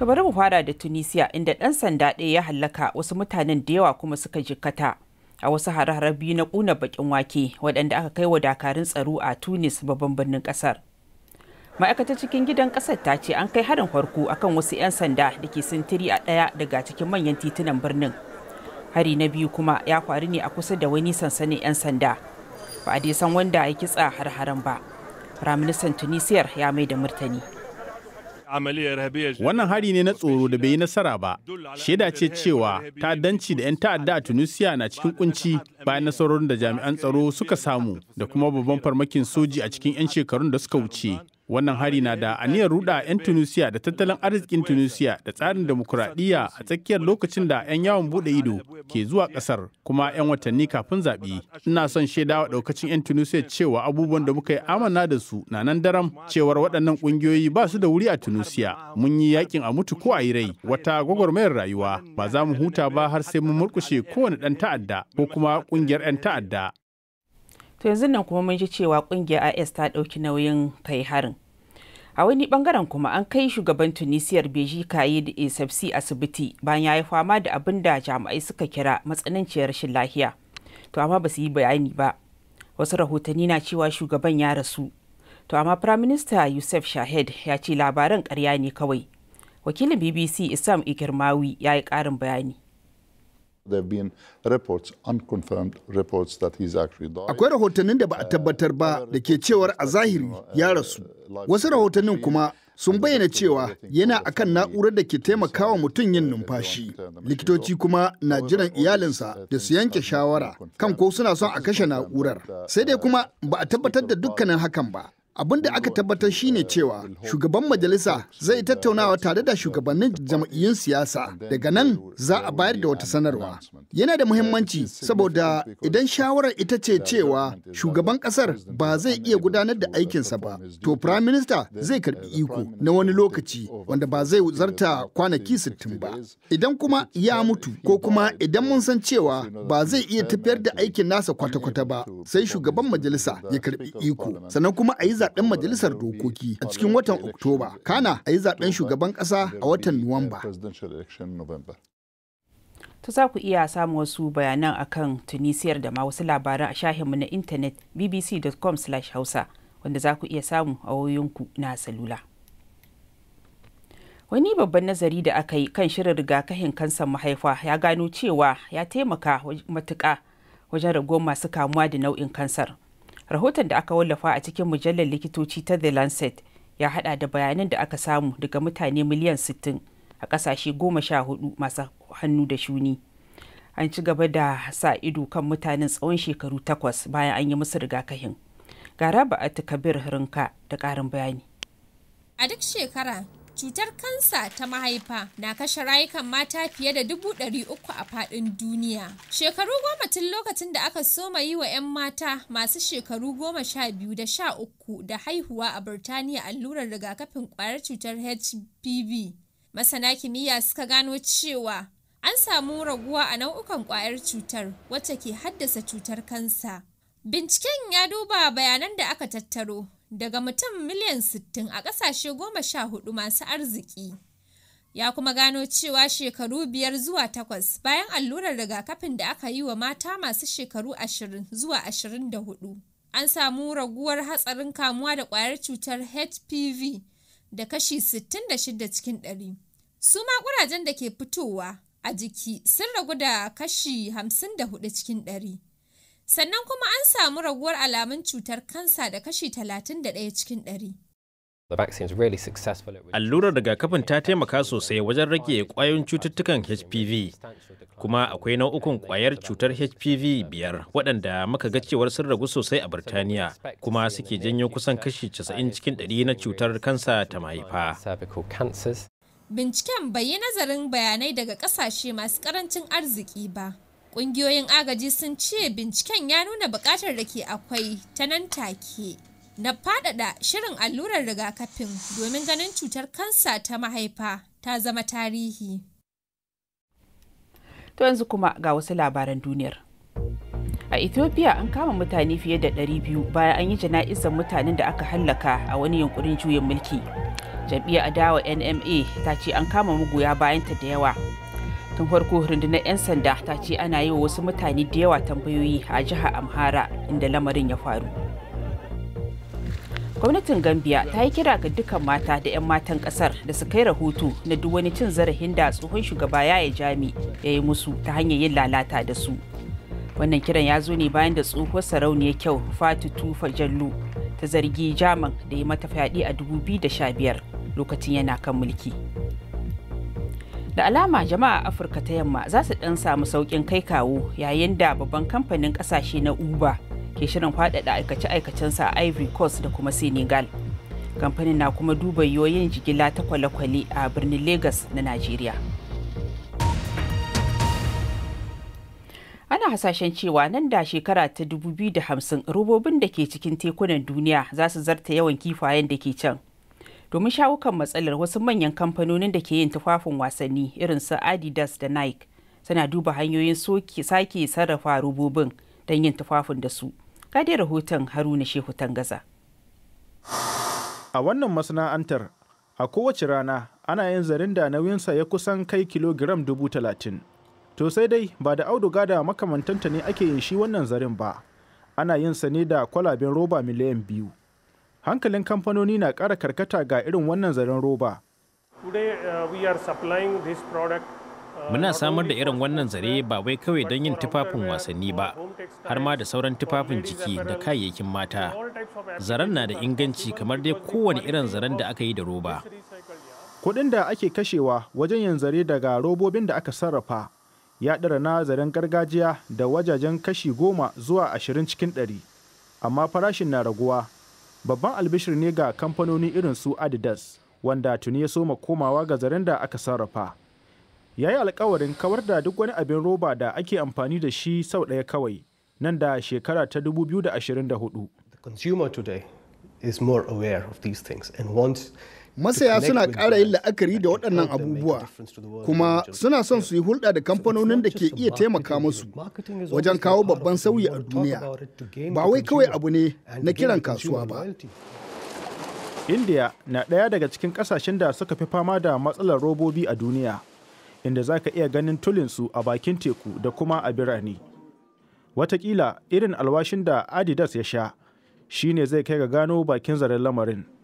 To bari mu fara da Tunisia inda ɗan sanda ɗaya ya hallaka wasu mutanen da yawa kuma suka jikkata a wasu hare biyu na ƙuna bakin wake waɗanda aka kai wa dakarun tsaro a Tunis babban birnin ƙasar. Ma'aikatar cikin gidan ƙasar ta ce an kai harin farko akan wasu 'yan sanda da ke sintiri a ɗaya daga cikin manyan titunan birnin. Hari na biyu kuma ya faru ne a kusa da wani sansanin 'yan sanda. Ba a dai san wanda ya kitsa har ba. Firaministan Tunisiyar ya mai da murtani. Wannan hari ne na tsoro da bai yi nasara ba, shaida ce cewa ta'addanci da 'yan ta'adda a Tunisia na cikin kunci bayan nasarorin da jami'an tsaro suka samu da kuma babban farmakin soji a cikin 'yan shekarun da suka wuce. Wannan hari na da aniyar ruda 'yan Tunisia da tattalin arzikin Tunisia da tsarin demokuraɗiyya a tsakiyar lokacin da 'yan yawon buɗe ido ke zuwa ƙasar kuma 'yan watanni kafin zaɓe. Ina son shaida wa ɗaukacin 'yan Tunisia cewa abubuwan da muka yi amana da su na nan daram cewar waɗannan ƙungiyoyi ba su da wuri a Tunisia. Mun yi yaƙin a mutu ko a yi rai wata gwagwarmayar rayuwa ba za mu huta ba har sai mun murƙushe kowane ɗan ta'adda ko kuma ƙungiyar 'yan ta'adda. To yanzu nan kuma mun ji cewa kungiyar IS ta ɗauki nauyin kai harin. A wani bangaren kuma an kai shugaban Tunisiyar Beji da Esafsi asibiti bayan ya yi fama da abin da jami'ai suka kira matsananciyar rashin lafiya. To amma ba su yi bayani ba. Wasu rahotanni na cewa shugaban ya rasu. To amma Firaminista Yusuf Shahed ya ce labaran karya ne kawai. Wakilin BBC Isam Ikirmawi ya yi ƙarin bayani. Akwai rahotannin da ba a tabbatar ba da ke cewar a zahiri ya rasu. Wasu rahotannin kuma sun bayyana cewa yana akan na'urar da ke taimakawa mutum yin numfashi. Likitoci kuma na jiran iyalinsa da su yanke shawara kan ko suna son a kashe na'urar. Sai dai kuma ba a tabbatar da dukkanin hakan ba. abin da aka tabbatar shine cewa shugaban majalisa zai tattaunawa tare da shugabannin jam'iyyun siyasa daga nan za a bayar da wata sanarwa yana da muhimmanci saboda idan shawarar ita ce cewa shugaban kasar ba zai iya gudanar da aikinsa ba to prime minister zai karbi iko na wani lokaci wanda ba zai zarta kwanaki 60 ba idan kuma ya mutu ko kuma idan mun san cewa ba zai iya tafiyar da aikin nasa kwata-kwata ba sai shugaban majalisa ya karbi iko sannan kuma a yi zaben majalisar dokoki a cikin watan Oktoba, kana a yi zaɓen shugaban ƙasa a watan Nuwamba. To za ku iya samun wasu bayanan akan Tunisiyar da ma wasu labaran a shahinmu na intanet bbc.com/hausa wanda za ku iya samu a wayoyinku na salula. Wani babban nazari da aka yi kan shirin rigakafin kansan mahaifa ya gano cewa ya taimaka matuka wajen rago masu kamuwa da nau'in kansar. rahoton da aka wallafa a cikin mujallar likitoci ta the lancet ya hada da bayanan da aka samu daga mutane miliyan 60 a kasashe 14 masu hannu da shuni an ci gaba da sa ido kan mutanen tsawon shekaru takwas bayan an yi musu rigakafin gara ba a kabir rinka da karin bayani a duk shekara Cutar kansa ta mahaifa na kashe rayukan mata fiye da dubu ɗari uku a faɗin duniya. Shekaru goma tun lokacin da aka soma yi wa 'yan mata masu shekaru goma sha biyu da sha uku da haihuwa a Birtaniya allurar rigakafin kwayar cutar HPV. Masana kimiyya suka gano cewa an samu raguwa a nau'ukan kwayar cutar wacce ke haddasa cutar kansa. Binciken ya duba bayanan da aka tattaro daga mutum miliyan 60 a ƙasashe goma sha hudu masu arziki. Ya kuma gano cewa shekaru biyar zuwa takwas bayan allurar rigakafin da aka yi wa mata masu shekaru ashirin zuwa ashirin da An samu raguwar hatsarin kamuwa da ƙwayar cutar HPV da kashi 66 cikin ɗari. Su ma ƙurajen da ke fitowa a jiki sun ragu da kashi 54 cikin ɗari. sannan kuma an samu raguwar alamun cutar kansa da kashi 31 cikin 100. Allurar rigakafin ta taimaka sosai wajen rage kwayoyin cututtukan HPV, kuma akwai nau'ukan kwayar cutar HPV biyar waɗanda muka ga cewar sun ragu sosai a Birtaniya, kuma suke janyo kusan kashi 90 cikin 100 na cutar kansa ta mahaifa. Binciken bai yi nazarin bayanai daga ƙasashe masu ƙarancin arziki ba. Ƙungiyoyin agaji sun ce binciken ya nuna bukatar da ke akwai ta nan take na faɗaɗa shirin allurar rigakafin domin ganin cutar kansa ta mahaifa ta zama tarihi. To yanzu kuma ga wasu labaran duniyar. a ethiopia an kama mutane fiye da 200 bayan an yi jana'izar mutanen da aka hallaka a wani yunkurin juyin mulki jam'iyyar adawa nma ta ce an kama magoya bayanta da yawa tun farko rundunar 'yan sanda ta ce ana yi wa wasu mutane da yawa tambayoyi a jihar amhara inda lamarin ya faru gwamnatin gambia ta yi kira ga dukkan mata da 'yan matan kasar da su kai rahoto na duk wani cin zarafin da tsohon shugaba ya yaya jami ya yi musu ta hanyar yin lalata da su wannan kiran ya zo ne bayan da tsohuwar sarauniya kyau fatutu fajallu ta zargi jaman da ya mata fyaɗe a 2015 lokacin yana kan mulki da alama jama'a afirka ta yamma za su ɗan samu saukin kai kawo yayin da babban kamfanin ƙasashe na uber ke shirin faɗaɗa aikace-aikacensa aikacen a ivory coast da kuma senegal kamfanin na kuma duba yoyin jigila ta kwale-kwale a birnin lagos na najeriya ana hasashen cewa nan da shekara ta 2050 robobin da ke cikin tekunan duniya za su zarta yawan kifayen da ke can domin shawo matsalar wasu manyan kamfanonin da ke yin tufafin wasanni irin su adidas da nike suna duba hanyoyin sake sarrafa robobin don yin tufafin da su gadi rahoton haruna shehu tangaza a wannan masana'antar a kowace rana ana yin zarin da nauyinsa ya kusan kai kilogiram dubu talatin to sai dai ba da auduga da makamantanta ne ake yin shi wannan zarin ba ana yin sa ne da kwalaben roba miliyan biyu hankalin kamfanoni na ƙara karkata ga irin wannan zaren roba. Uh, uh, Muna samar da irin wannan zare ba wai kawai don yin tufafin wasanni ba, har ma da sauran tufafin jiki da kayayyakin mata. Zaren na da inganci kamar dai kowane irin zaren da aka yi da roba. Kuɗin da ake kashewa wajen yin zare daga robobin da aka sarrafa ya ɗara na zaren gargajiya da wajajen kashi goma zuwa ashirin cikin ɗari, amma farashin na raguwa babban albishir ne ga kamfanoni irin su adidas wanda tuni ya soma komawa ga zaren da aka sarrafa ya yi alkawarin kawar da duk wani abin roba da ake amfani da shi sau ɗaya kawai nan da shekara ta 2024 the is of and masaya suna ƙara yin la'akari da waɗannan abubuwa kuma suna son su yi hulɗa da kamfanonin da ke iya taimaka musu wajen kawo babban sauyi a duniya ba wai kawai abu ne na kiran kasuwa ba india na ɗaya daga cikin ƙasashen da suka fi fama da matsalar robobi a duniya inda za ka iya ganin tulinsu a bakin teku da kuma a birane watakila irin alwashin da adidas ya sha shine zai kai ga gano bakin zaren lamarin